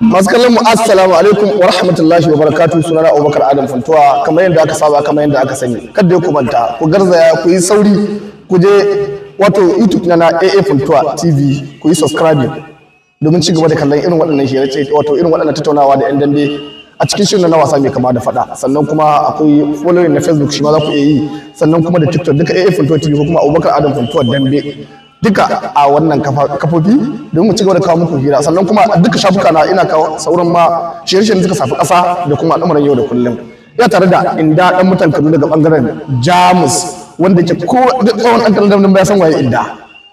masu kallon mu assalamu alaikum wa rahmatullahi wa barakatuh sunana Abubakar Adam Fantuwa kamar yadda aka saba kamar yadda aka sani kada ku manta ku garzaya ku yi sauri ku je wato YouTube na AA Fantuwa TV ku yi subscribe domin ci gaba da kallon irin waɗannan shirye wato irin waɗannan tattaunawa da 'yan dambe a cikin shirin na wasa mai kama da faɗa sannan kuma akwai following na Facebook shi ma za ku iya yi sannan kuma da TikTok duka AA Fantuwa TV ko kuma Abubakar Adam Fantuwa dambe duka a wannan kafofi domin mu ci gaba da kawo muku hira sannan kuma duka shafuka na ina kawo sauran ma shirye-shiryen suka safi ƙasa da kuma al'amuran yau da kullum ya tare da inda dan mutan Kano daga bangaren Jamus wanda ke ko da tsawon an kallon nan ya san waye inda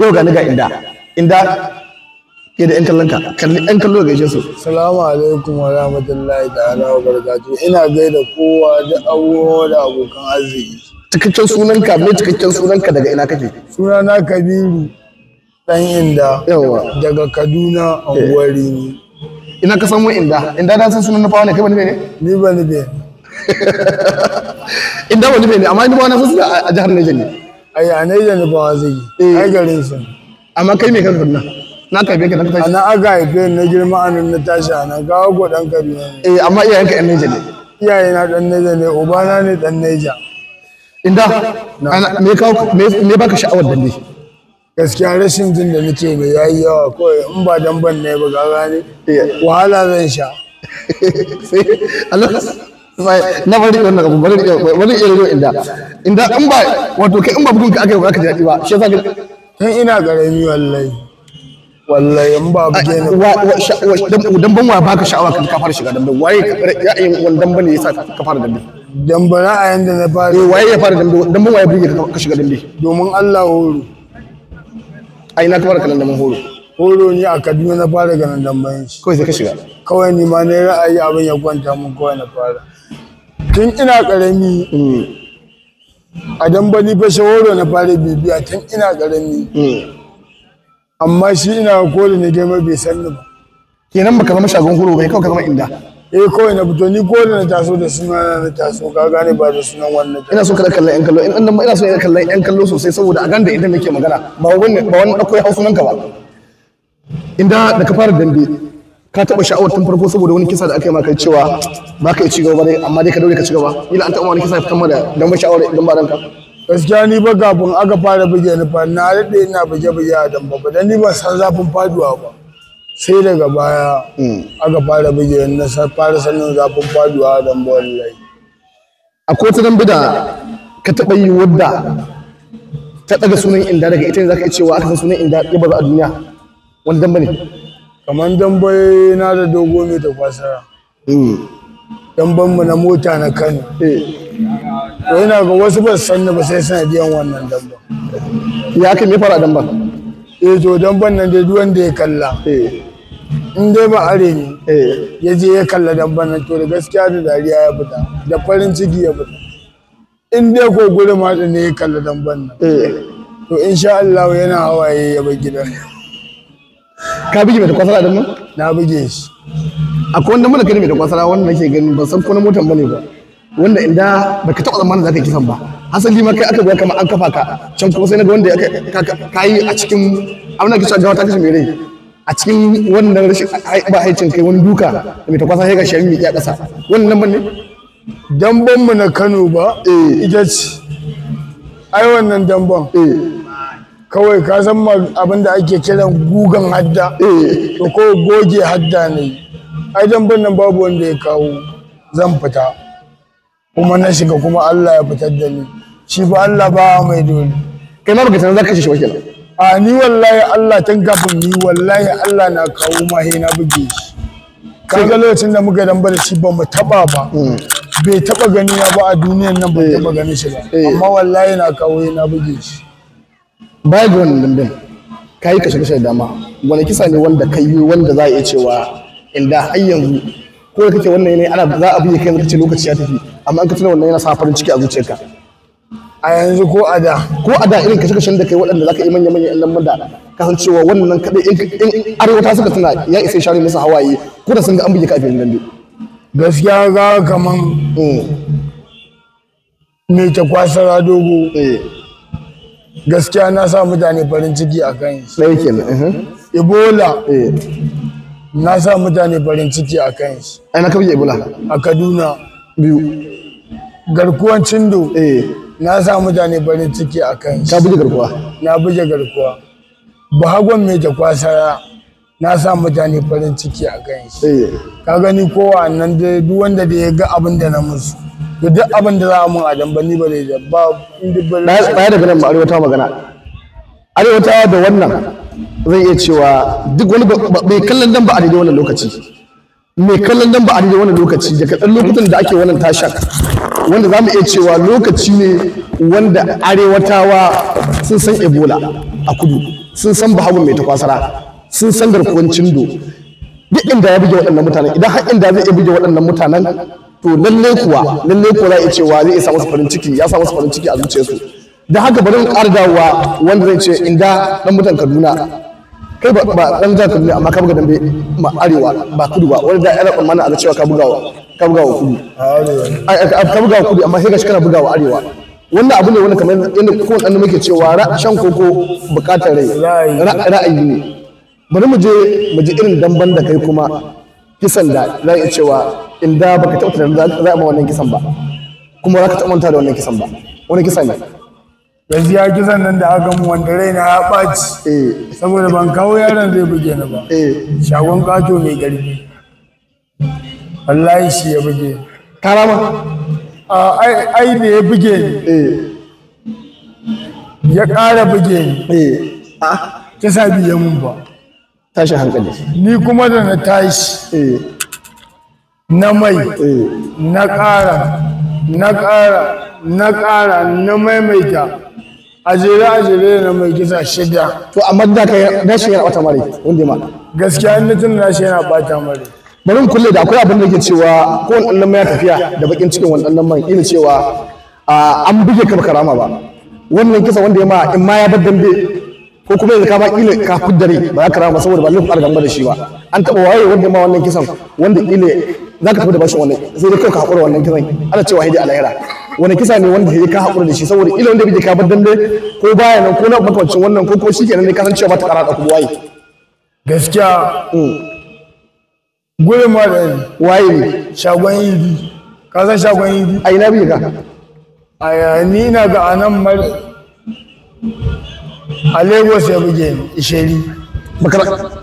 yau ga ga inda inda ke da yan kallon ka kalli yan kallo ga gaishe su assalamu alaikum wa rahmatullahi ta'ala wa barakatuh ina gaida kowa da abubuwa da abokan arziki cikakken sunanka me cikakken sunanka daga ina kake sunana kabiru dan inda yawa daga kaduna anguwari ne ina ka samu inda inda da san sunan na fawa ne kai ba ne ni ba ni inda ba ni ne amma ni ba na san a jihar Niger ne ai a Niger ne ba zai eh. ai garin sun amma kai me ka kunna na kabe ka tashi ana aga haife na girma anan na tashi ana ga go dan kabi eh amma iyayenka yan Niger ne iyaye na dan Niger ne ubana ne dan Niger inda me ka me baka sha'awar dande gaskiya rashin jin da nake mai yayi yawa kawai in ba ban ne ba ga ne eh. wahala zan sha na bari da wannan abu bari wani bari da inda inda in ba wato kai in ba bugun ka aka yi ba ka ji daɗi ba shi yasa tun ina garami wallahi wallahi in ba buge ne dan ban wa baka sha'awa ka fara shiga ban waye ya yi wannan ban ne yasa ka fara ban dambara a da na fara eh waye ya fara dambe dambe waye burge ka shiga dambe domin Allah horo ai na fara kalan damben horo horo ne a Kaduna na fara ganin damben shi kawai sai ka shiga kawai ni ma ne ra'ayi abin ya kwanta mun kawai na fara tun ina karami mm. a dambali fa horo na fara bibiya tun ina karami mm. amma shi ina kore ne game bai san ni ba kenan baka zama shagon horo bai kawai ka zama inda eh kawai na fito ni ko na taso da suna na taso ka gane ba da sunan wannan ina so kada kallon yan kallo In ina so ina kallon yan kallo sosai saboda a ganda idan nake magana ba wani ba wani akwai hausunan ka ba inda da ka fara dambe ka taba sha'awar tun farko saboda wani kisa da aka yi maka cewa ba ka yi ci gaba dai amma dai ka daure ka ci gaba ila an taba wani kisa ya fitan da dambe sha'awar idan ba ranka gaskiya ni ba kafin aka fara buge ni fa na daɗe ina buge-buge a damba ba dan ni ba san zafin faduwa ba sai daga baya hmm. aka fara bige na fara sanin zafin faduwa dambuwar lai. A kotu don bida ka taɓa yi wadda ta ɗaga sunan inda daga ita ne ka yi cewa aka san sunan inda ya bazu a duniya wani damba ne kamar damba na da dogo mai tafasara hmm. damban mu na mota na kano yana eh. ga wasu ba su san ba sai sanadiyan wannan damba ya aka me fara damban eh to dan ban nan dai duwan wanda ya kalla eh. in dai ba are ne eh. ya je ya kalla dan ban nan to da gaskiya da dariya ya fita da farin ciki ya fita in dai ko gurin ma ne ya kalla dan ban nan eh. to insha Allah yana hawaye ya bar gidan ka bige mai da kwasara din nan na bige shi akwai wanda mulka ne mai da kwasara wanda nake ganin ban san ko na motan bane ba wanda inda baka taɓa zamanin zaka yi kisan ba asali ma kai aka ga kamar an kafa ka can kuma sai naga wanda ya kai a cikin abin da ga wata ta mai rai a cikin wannan rashin ba haicin kai wani duka da mai takwasa sai ga shi mai iya kasa wannan ban ne damban mu na Kano ba eh ita ce ai wannan damban eh kawai ka san abin da ake kiran gugan hadda eh. to ko goge hadda ne ai damban nan babu wanda ya kawo zan fita kuma na shiga kuma Allah ya fitar da ni shi ba Allah ba mai dole kai ma baka san zaka shi ba kenan a ni wallahi Allah tun kafin ni wallahi Allah na kawo ma he na buge shi Ka ga lokacin da muka dan bar shi ba mu taba ba hmm. bai taba gani ba a duniyar nan ba taba hmm. gani shi ba hmm. amma wallahi na kawo he na buge shi bai gon wannan dambin kai kashe kashe dama wani kisa ne wanda kai wanda za a iya cewa inda har yanzu ko kake wannan yanayi ana za a buge kai mutum lokaci ya tafi amma an ka tuna wannan yana sa farin ciki a zuciyarka a yanzu ko a da ko a da irin kashe kashen da kai waɗanda zaka yi manya manya ɗan lamar da kasancewa wannan kaɗai. in arewata suka suna ya isa share musu hawaye ko da sun ga an buge kafin dambe gaskiya ga kaman me mm. ta kwasara dogo eh. gaskiya na sa mutane farin ciki a kan shi ɗaya kenan uh-huh. ebola eh. na sa mutane farin ciki a kan shi ai na kabi ebola a kaduna biyu garkuwan cindo eh. na sa mutane barin ciki a kan ta buje garkuwa na buje garkuwa bahagon mai jakwasara na sa mutane farin ciki a kan shi ka eh. gani kowa nan da duk wanda da ya ga abin da na musu to duk abin da za a mun a dan bani ba da ba inda ba ba da ganin arewa ta magana arewa ta da wannan zan iya cewa duk wani bai kallon dan ba a daidai wannan lokaci mai kallon dan ba a daidai wannan lokaci daga ɗan lokutan da ake wannan tasha wanda za mu iya cewa lokaci ne wanda arewatawa sun san ebola a kudu sun san bahawun mai takwasara sun san garkuwan cindo duk inda ya buge waɗannan mutanen idan har inda zai iya buge waɗannan mutanen to lalle kuwa lalle kuwa za a iya cewa zai iya samu farin ciki ya samu farin ciki a zuciyarsu da haka bari mu ƙara dawowa wanda zai ce inda dan mutan kaduna kai ba ba dan jihar Kaduna amma ka buga dambe ma arewa ba kudu ba wanda yana mana a cewa ka buga wa ka buga wa kudu ka buga wa kudu amma sai ka shi kana buga wa arewa wannan abu ne wani kamar yadda kowa ɗan muke cewa shan koko buƙatar rai ra'ayi ne bari mu je mu je irin damban da kai kuma kisan da za iya cewa inda baka taɓa tunanin za a ma wannan kisan ba kuma za ka taɓa manta da wannan kisan ba wani kisan ne yanzu ya kisan nan da aka mu wanda raina ya ɓaci eh. saboda ban kawo yaron zai buge ni ba eh. shagon kato mai garbi wallahi shi ya buge karama ai ne ya buge ni eh. ya ƙara buge ni kisa ah. biye mun ba tashi hankali ni kuma da na tashi na mai na ƙara na ƙara na ƙara na maimaita ajere ajere na mai kisa shida to amma da ka na shi yana bata mare wanda ma gaskiya in mutum na shi yana bata mare bari mu kulle da akwai abin da ke cewa ko wannan mai tafiya da bakin cikin wannan mai ina cewa an buge ka karama ba wannan kisa wanda ya ma in ma ya baddan dambe ko kuma yanzu ka ba ka fuddare ba za ka rama saboda ba lufin argamba da shi ba an taba waye wanda ma wannan kisan wanda ila za ka tafi da bashi wannan sai dai kawai ka haƙura wannan kisan ana cewa hidi a wani kisa ne wanda ya ka haƙura da shi saboda ila wanda bai ka bar dambe ko baya nan ko na makwancin wannan ko kuma nan ne ka cewa ba ta ƙara ɗauko waye gaskiya gurin ma da ne waye ne shagon bi ka san shagon bi? a ina bi ka a ni na ga anan mar a lagos ya buge ni isheri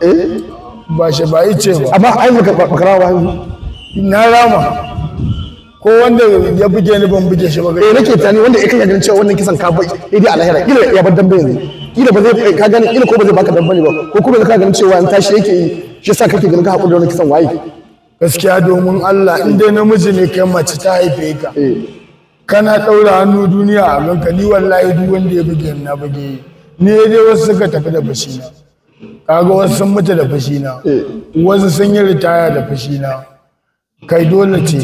eh? ba shi ba ice ba amma ai baka ba na rama ko wanda ya buge ni ban buge shi ba eh nake tani wanda ya kaga ganin cewa wannan kisan ka bai idai a lahira kila ya bar dambe yanzu kila ba zai ka gani kila ko ba zai baka dambe ba ko kuma ka ganin cewa an tashi yake yi shi yasa kake ganin ka hakuri da wannan kisan waye gaskiya domin Allah in dai namiji ne kai mace ta haife ka eh. kana daura hannu duniya a ganka ni wallahi duk wanda ya buge ni na buge ni dai wasu suka tafi da bashi na kaga wasu sun mutu da fashi na eh. wasu sun yi ritaya da fashi na kai dole ce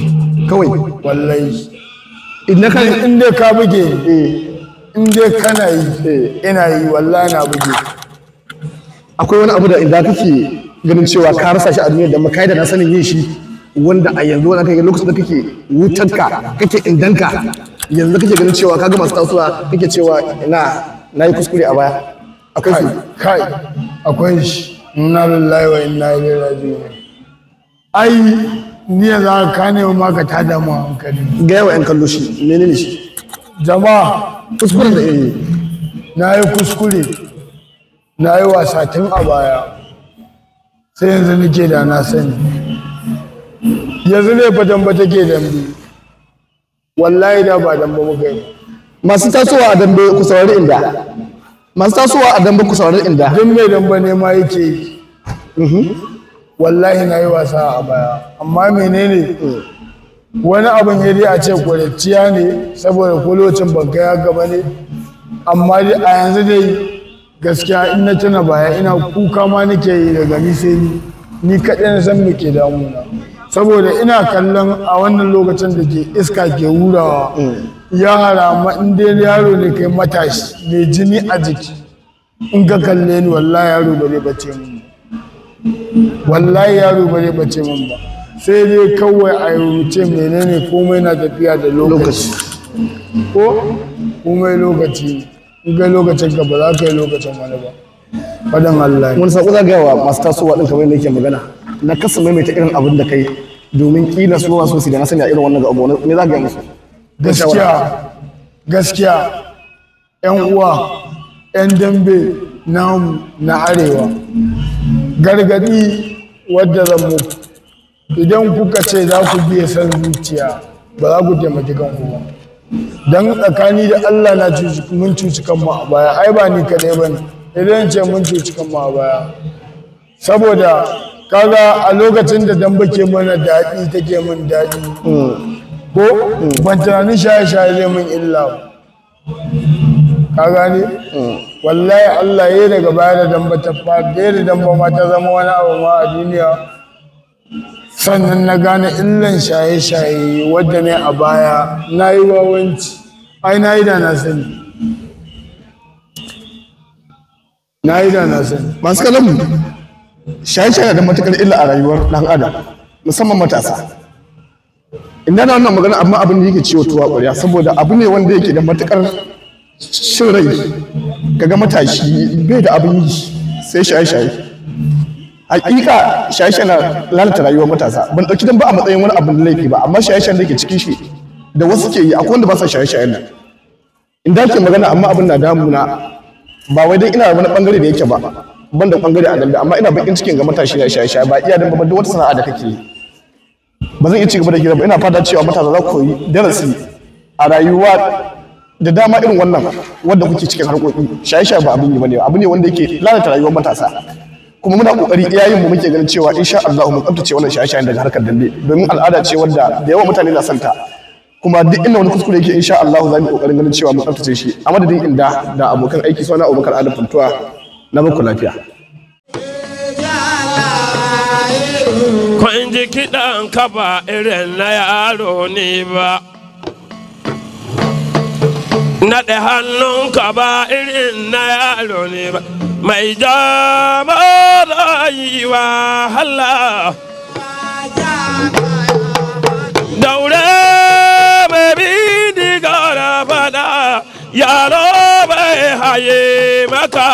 kawai wallahi inda ka in ka buge eh. inda kana yi eh. ina yi wallahi na buge akwai wani abu da ka kake ganin cewa ka rasa shi a duniya da makai da na sanin yin shi wanda a yanzu wani yi lokacin da kake wutarka kake indanka yanzu kake ganin cewa ka masu tasowa kake cewa ina na yi kuskure a baya akwai su kai akwai shi Na lillahi wa inna ilaihi ai niya za ka kane ma ka tada a hankali Gaya wa yan kallo shi ne shi jama'a kuskure. da iri na yi kuskure na yi wasa tun a baya sai yanzu nake da na sani yanzu ne fatan ba take dambe wallahi na ba dambe muka yi masu tasowa a dambe ku saurari inda masu tasowa a dambe ku saurari inda duk mai dambe ne ma yake yi mhm. wallahi na yi wasa a baya amma menene wani abin ya dai a ce kwarciya ne saboda kulocin banka ban gaba ne amma dai a yanzu dai gaskiya in na tuna baya ina kuka ma nake yi daga ni sai ni ni kaɗai na san me ke damuna saboda ina kallon a wannan lokacin da ke iska ke hurawa ya harama in dai yaro ne kai matashi mai jini a jiki in ka kalle ni wallahi yaro ba zai bace mu wallahi yaro ba zai bace min ba sai dai kawai a rubuce menene komai na tafiya da lokaci ko komai lokaci in kai lokacin ka ba za ka yi lokacin wani ba fadan Allah wani sako za ga yawa masu tasowa din kamar yake magana na kasa maimaita irin abin da kai domin kila su ma so su da na sani a irin wannan abu ne za ga musu gaskiya gaskiya yan uwa yan dambe namu na arewa Gargaɗi wadda zan muku idan kuka ce za ku biya san zuciya ba za ku taimaki kanku ba don tsakani da Allah na mun cuci kanmu a baya ai ba ni kaɗai ba ne idan ce mun cuci kanmu a baya saboda kaga a lokacin da dan bake mana daɗi take min daɗi mm. ko ban tunanin shaye-shaye zai min illa ka gane wallahi Allah ya daga baya da damba ta fada da damba ma ta zama wani abu ma a duniya sannan na gane illan shaye-shaye wadda ne a baya na yi wawanci ai na yi da na sani na yi da na sani masu kalan mu shaye-shaye da matukar illa a rayuwar ɗan adam musamman matasa inda na wannan magana amma abin da yake ciwo tuwa ƙwarya saboda abu ne wanda yake da matukar shin rai kaga matashi bai da abin yi sai shaye-shaye hakika shaye-shaye na lalata rayuwar matasa ban ɗauki dan ba a matsayin wani abin laifi ba amma shaye shaye da ke cikin shi da wasu ke yi akwai wanda ba sa shaye-shayen nan in da ke magana amma abin na damuna ba wai dai ina wani bangare da yake ba ban da bangare a dambe amma ina bakin cikin ga matashi na shaye-shaye ba iya don ba duk wata sana'a da kake yi ba zan iya ci gaba da gida ba ina fata cewa matasa za ku koyi darasi a rayuwa da dama irin wannan wanda kuke cikin harkoki shaye-shaye ba abin yi bane abu ne wanda yake lalata rayuwar matasa kuma muna kokari iyayen mu muke ganin cewa insha Allah mu tsabtace wannan shaye-shayen daga harkar dambe domin al'ada ce wanda da yawa mutane na santa kuma duk inda wani kuskure yake insha Allah za mu kokarin ganin cewa mu tsabtace shi a madadin inda da abokan aiki suna Abubakar Adam Fantuwa na muku lafiya Kwan ji kiɗan ka ba irin na yaro ne ba. naɗe hannunka ba irin na yaro ne ba mai jama rayuwa wahala. daure mai bi diga da fada yaro bai haye maka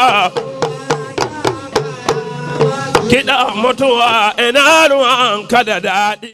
Kiɗan mutuwa ina ruwan ka da daɗi